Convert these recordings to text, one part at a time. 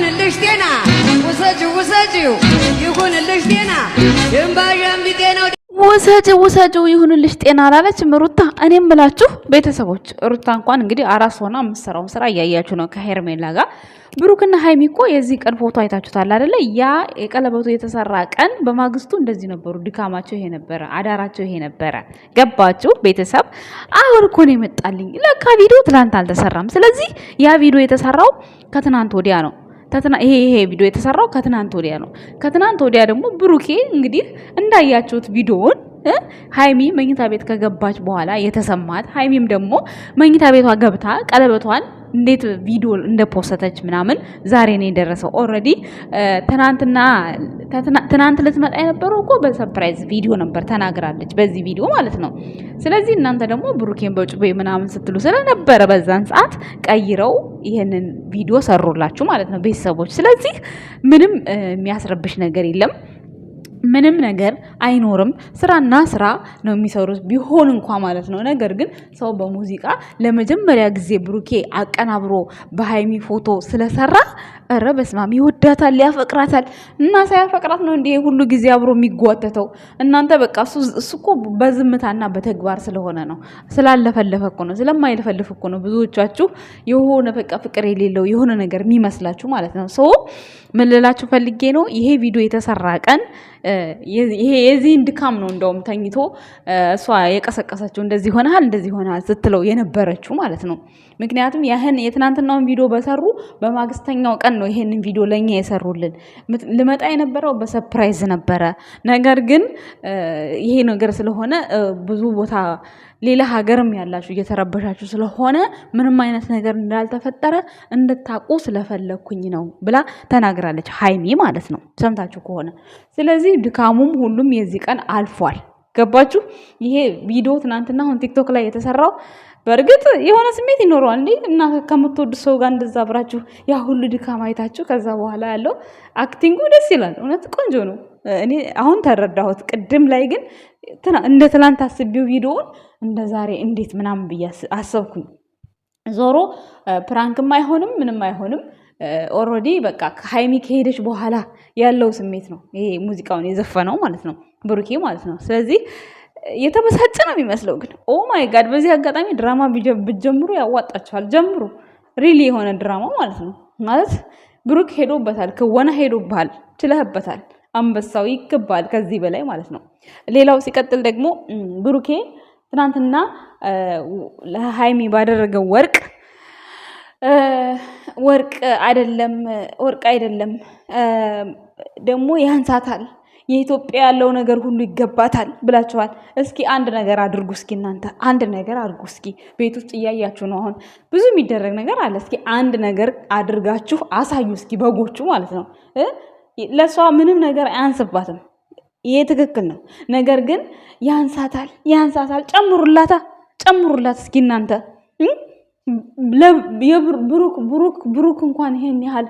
ይሁንልሽ ጤና ውሰጂው ውሰጂው ይሁንልሽ ጤና ድንባዣም ቢጤናው ውሰጂው ውሰጂው ይሁንልሽ ጤና አላለችም ሩታ። እኔም ብላችሁ ቤተሰቦች ሩታ እንኳን እንግዲህ አራስ ሆና የምትሰራውን ስራ እያያችሁ ነው ከሄርሜላ ጋር ብሩክና ሀይሚ እኮ የዚህ ቀን ፎቶ አይታችሁታል አይደለ? ያ የቀለበቱ የተሰራ ቀን በማግስቱ እንደዚህ ነበሩ። ድካማቸው ይሄ ነበረ፣ አዳራቸው ይሄ ነበረ። ገባችሁ ቤተሰብ? አሁን እኮ ነው የመጣልኝ። ለካ ቪዲዮ አልተሰራም። ስለዚህ ያ ቪዲዮ የተሰራው ከትናንት ወዲያ ነው። ይሄ ይሄ ቪዲዮ የተሰራው ከትናንት ወዲያ ነው። ከትናንት ወዲያ ደግሞ ብሩኬ እንግዲህ እንዳያችሁት ቪዲዮውን ሀይሚ መኝታ ቤት ከገባች በኋላ የተሰማት ሀይሚም ደግሞ መኝታ ቤቷ ገብታ ቀለበቷን እንዴት ቪዲዮ እንደፖሰተች ምናምን ዛሬ ነው የደረሰው። ኦልሬዲ ትናንትና ትናንት ልትመጣ የነበረው እኮ በሰርፕራይዝ ቪዲዮ ነበር ተናግራለች፣ በዚህ ቪዲዮ ማለት ነው። ስለዚህ እናንተ ደግሞ ብሩኬን በጩቤ ምናምን ስትሉ ስለነበረ በዛን ሰዓት ቀይረው ይህንን ቪዲዮ ሰሩላችሁ ማለት ነው ቤተሰቦች። ስለዚህ ምንም የሚያስረብሽ ነገር የለም። ምንም ነገር አይኖርም። ስራና ስራ ነው የሚሰሩት ቢሆን እንኳ ማለት ነው። ነገር ግን ሰው በሙዚቃ ለመጀመሪያ ጊዜ ብሩኬ አቀናብሮ በሀይሚ ፎቶ ስለሰራ እረ በስማም ይወዳታል፣ ያፈቅራታል። እና ሳያፈቅራት ነው እንዲህ ሁሉ ጊዜ አብሮ የሚጓተተው እናንተ። በቃ እሱ እኮ በዝምታና በተግባር ስለሆነ ነው፣ ስላለፈለፈ እኮ ነው፣ ስለማይለፈልፍ እኮ ነው። ብዙዎቻችሁ የሆነ በቃ ፍቅር የሌለው የሆነ ነገር የሚመስላችሁ ማለት ነው። ሰው ምን ፈልጌ ነው ይሄ ቪዲዮ የተሰራ ቀን ይሄ የዚህን ድካም ነው እንደውም ተኝቶ እሷ የቀሰቀሰችው እንደዚህ ሆናል እንደዚህ ሆናል ስትለው የነበረችው ማለት ነው። ምክንያቱም ያህን የትናንትናውን ቪዲዮ በሰሩ በማግስተኛው ቀን ነው ይሄንን ቪዲዮ ለኛ የሰሩልን። ልመጣ የነበረው በሰፕራይዝ ነበረ። ነገር ግን ይሄ ነገር ስለሆነ ብዙ ቦታ ሌላ ሀገርም ያላችሁ እየተረበሻችሁ ስለሆነ ምንም አይነት ነገር እንዳልተፈጠረ እንድታቁ ስለፈለግኩኝ ነው ብላ ተናግራለች፣ ሀይሚ ማለት ነው። ሰምታችሁ ከሆነ ስለዚህ ስለዚህ ድካሙም ሁሉም የዚህ ቀን አልፏል። ገባችሁ? ይሄ ቪዲዮ ትናንትና አሁን ቲክቶክ ላይ የተሰራው በእርግጥ የሆነ ስሜት ይኖረዋል እንዴ እና ከምትወዱ ሰው ጋር እንደዛ አብራችሁ ያ ሁሉ ድካም አይታችሁ ከዛ በኋላ ያለው አክቲንጉ ደስ ይላል። እውነት ቆንጆ ነው። እኔ አሁን ተረዳሁት። ቅድም ላይ ግን እንደ ትላንት አስቢው ቪዲዮውን እንደ ዛሬ እንዴት ምናምን ብዬ አሰብኩኝ። ዞሮ ፕራንክም አይሆንም ምንም አይሆንም። ኦልሬዲ በቃ ሀይሚ ከሄደች በኋላ ያለው ስሜት ነው ይሄ ሙዚቃውን የዘፈነው ማለት ነው ብሩኬ ማለት ነው። ስለዚህ የተበሳጨ ነው የሚመስለው። ግን ኦ ማይ ጋድ! በዚህ አጋጣሚ ድራማ ብትጀምሩ ያዋጣችኋል። ጀምሩ፣ ሪሊ የሆነ ድራማ ማለት ነው። ማለት ብሩክ ሄዶበታል፣ ክወና ሄዶብሃል፣ ችለህበታል። አንበሳው ይገባል ከዚህ በላይ ማለት ነው። ሌላው ሲቀጥል ደግሞ ብሩኬ ትናንትና ለሀይሚ ባደረገው ወርቅ ወርቅ አይደለም ወርቅ አይደለም ደግሞ ያንሳታል የኢትዮጵያ ያለው ነገር ሁሉ ይገባታል ብላችኋል። እስኪ አንድ ነገር አድርጉ። እስኪ እናንተ አንድ ነገር አድርጉ። እስኪ ቤት ውስጥ እያያችሁ ነው። አሁን ብዙ የሚደረግ ነገር አለ። እስኪ አንድ ነገር አድርጋችሁ አሳዩ። እስኪ በጎቹ ማለት ነው። ለእሷ ምንም ነገር አያንስባትም። ይሄ ትክክል ነው። ነገር ግን ያንሳታል፣ ያንሳታል። ጨምሩላታ፣ ጨምሩላት እስኪ እናንተ ብሩክ ብሩክ ብሩክ እንኳን ይሄን ያህል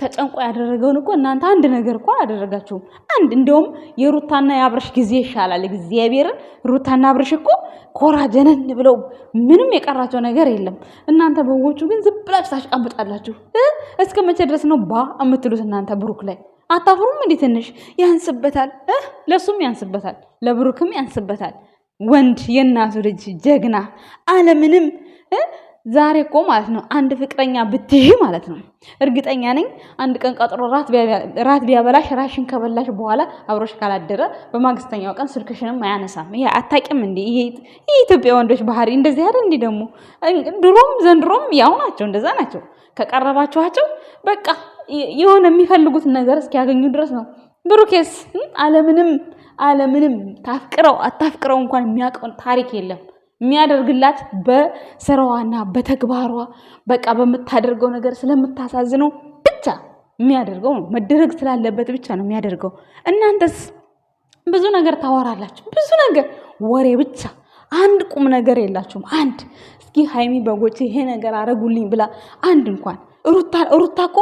ተጨንቆ ያደረገውን እኮ እናንተ አንድ ነገር እኮ አደረጋችሁም አንድ እንደውም የሩታና የአብርሽ ጊዜ ይሻላል። እግዚአብሔርን ሩታና አብርሽ እኮ ኮራ ጀነን ብለው ምንም የቀራቸው ነገር የለም። እናንተ በጎቹ ግን ዝም ብላችሁ ታሽቃብጣላችሁ። እስከ መቼ ድረስ ነው ባ የምትሉት እናንተ ብሩክ ላይ አታፍሩም? እንዲ ትንሽ ያንስበታል። ለሱም ያንስበታል፣ ለብሩክም ያንስበታል። ወንድ የእናቱ ልጅ ጀግና አለምንም ዛሬ እኮ ማለት ነው አንድ ፍቅረኛ ብትይ ማለት ነው እርግጠኛ ነኝ አንድ ቀን ቀጥሮ ራት ቢያበላሽ ራሽን ከበላሽ በኋላ አብሮሽ ካላደረ በማግስተኛው ቀን ስልክሽንም አያነሳም። ይሄ አታውቂም እንዴ? የኢትዮጵያ ወንዶች ባህሪ እንደዚህ አይደል? እንዲ ደግሞ ድሮም ዘንድሮም ያው ናቸው፣ እንደዛ ናቸው። ከቀረባችኋቸው በቃ የሆነ የሚፈልጉት ነገር እስኪያገኙ ድረስ ነው። ብሩኬስ አለምንም አለምንም ታፍቅረው አታፍቅረው እንኳን የሚያውቀውን ታሪክ የለም። የሚያደርግላት በስራዋና በተግባሯ በቃ በምታደርገው ነገር ስለምታሳዝነው ብቻ የሚያደርገው ነው። መደረግ ስላለበት ብቻ ነው የሚያደርገው። እናንተስ ብዙ ነገር ታወራላችሁ፣ ብዙ ነገር ወሬ ብቻ፣ አንድ ቁም ነገር የላችሁም። አንድ እስኪ ሀይሚ በጎቼ ይሄ ነገር አረጉልኝ ብላ አንድ እንኳን ሩታ እኮ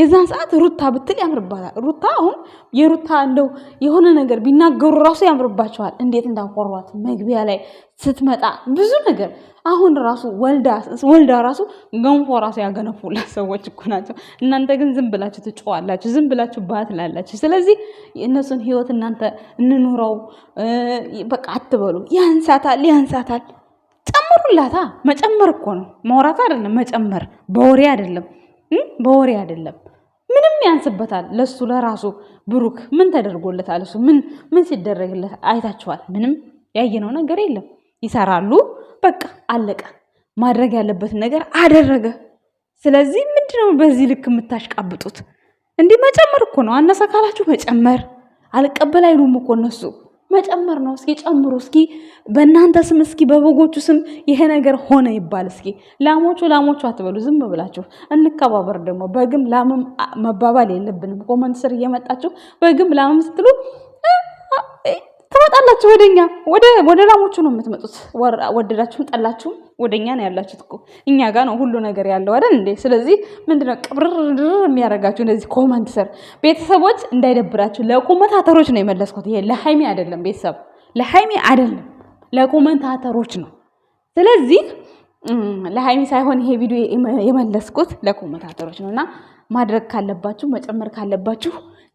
የዛን ሰዓት ሩታ ብትል ያምርባታል። ሩታ አሁን የሩታ እንደው የሆነ ነገር ቢናገሩ ራሱ ያምርባቸዋል። እንዴት እንዳኮሯት መግቢያ ላይ ስትመጣ ብዙ ነገር አሁን ራሱ ወልዳ ራሱ ገንፎ ራሱ ያገነፉላት ሰዎች እኮ ናቸው። እናንተ ግን ዝም ብላችሁ ትጮዋላችሁ፣ ዝም ብላችሁ ባትላላችሁ። ስለዚህ የእነሱን ህይወት እናንተ እንኑረው በቃ አትበሉ። ያንሳታል፣ ያንሳታል ጨምሩላታ። መጨመር እኮ ነው ማውራት አይደለም መጨመር። በወሬ አይደለም በወሬ አይደለም። ምንም ያንስበታል ለሱ ለራሱ ብሩክ ምን ተደርጎለታል? እሱ ምን ምን ሲደረግለት አይታችኋል? ምንም ያየነው ነገር የለም። ይሰራሉ፣ በቃ አለቀ። ማድረግ ያለበትን ነገር አደረገ። ስለዚህ ምንድነው በዚህ ልክ የምታሽቃብጡት? እንዲህ መጨመር እኮ ነው። አነሰ ካላችሁ መጨመር አልቀበል አይሉም እኮ እነሱ። መጨመር ነው። እስኪ ጨምሩ፣ እስኪ በእናንተ ስም፣ እስኪ በበጎቹ ስም ይሄ ነገር ሆነ ይባል። እስኪ ላሞቹ ላሞቹ አትበሉ፣ ዝም ብላችሁ እንከባበር። ደግሞ በግም ላምም መባባል የለብንም። ኮመንት ስር እየመጣችሁ በግም ላምም ስትሉ ትመጣላችሁ ወደኛ፣ ወደ ላሞቹ ነው የምትመጡት፣ ወደዳችሁም ጠላችሁም ወደ እኛ ነው ያላችሁት እኮ እኛ ጋር ነው ሁሉ ነገር ያለው አይደል እንዴ? ስለዚህ ምንድነው ቅብርርር የሚያደርጋችሁ እንደዚህ ኮመንት ስር ቤተሰቦች እንዳይደብራችሁ። ለኮመንታተሮች ነው የመለስኩት። ይሄ ለሀይሚ አይደለም፣ ቤተሰብ ለሀይሚ አይደለም፣ ለኮመንታተሮች ነው። ስለዚህ ለሀይሚ ሳይሆን ይሄ ቪዲዮ የመለስኩት ለኮመንታተሮች ነው እና ማድረግ ካለባችሁ መጨመር ካለባችሁ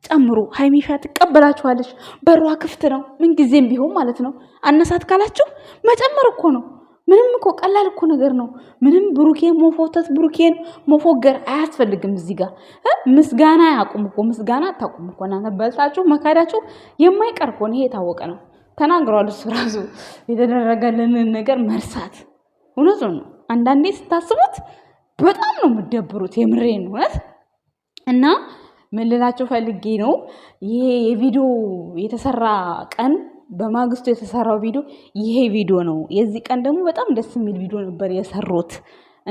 ጨምሩ። ሀይሚሻ ትቀበላችኋለች። በሯ ክፍት ነው ምንጊዜም ቢሆን ማለት ነው። አነሳት ካላችሁ መጨመር እኮ ነው። ምንም እኮ ቀላል እኮ ነገር ነው። ምንም ብሩኬን መፎተት ብሩኬን መፎገር አያስፈልግም። እዚህ ጋር ምስጋና ያቁም እኮ ምስጋና አታቁም እኮ እናንተ በልታችሁ መካዳችሁ የማይቀር እኮ ይሄ የታወቀ ነው። ተናግረዋል እሱ ራሱ የተደረገልንን ነገር መርሳት እውነቱ ነው። አንዳንዴ ስታስቡት በጣም ነው የምደብሩት። የምሬን እውነት እና ምልላቸው ፈልጌ ነው ይሄ የቪዲዮ የተሰራ ቀን በማግስቱ የተሰራው ቪዲዮ ይሄ ቪዲዮ ነው። የዚህ ቀን ደግሞ በጣም ደስ የሚል ቪዲዮ ነበር የሰሩት።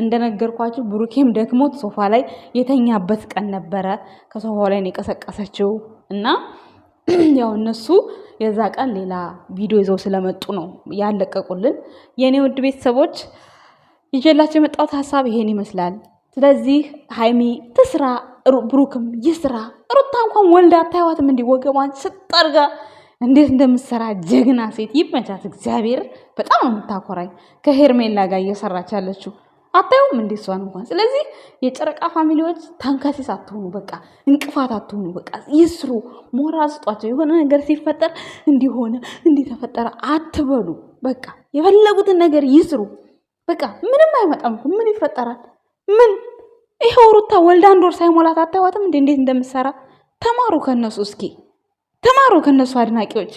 እንደነገርኳቸው ብሩኬም ደክሞት ሶፋ ላይ የተኛበት ቀን ነበረ። ከሶፋው ላይ ነው የቀሰቀሰችው እና ያው እነሱ የዛ ቀን ሌላ ቪዲዮ ይዘው ስለመጡ ነው ያለቀቁልን። የእኔ ውድ ቤተሰቦች ይዤላቸው የመጣሁት ሀሳብ ይሄን ይመስላል። ስለዚህ ሀይሚ ትስራ፣ ብሩክም ይስራ። ሩታ እንኳን ወልዳ አታይዋትም እንዲወገቧን ስጠርጋ እንዴት እንደምትሰራ ጀግና ሴት ይመቻት። እግዚአብሔር በጣም ነው የምታኮራኝ። ከሄርሜላ ጋር እየሰራች ያለችው አታዩም እንዴ? እሷን እንኳን። ስለዚህ የጨረቃ ፋሚሊዎች ታንካሴስ አትሆኑ፣ በቃ እንቅፋት አትሆኑ። በቃ ይስሩ፣ ሞራል ስጧቸው። የሆነ ነገር ሲፈጠር እንዲሆነ እንዲተፈጠረ አትበሉ። በቃ የፈለጉትን ነገር ይስሩ። በቃ ምንም አይመጣም። ምን ይፈጠራል? ምን ይሄ ሩታ ወልዳ አንድ ወር ሳይሞላት አታዩዋትም እንዴ? እንዴት እንደምትሰራ ተማሩ ከእነሱ እስኪ። ተማሩ ከነሱ አድናቂዎች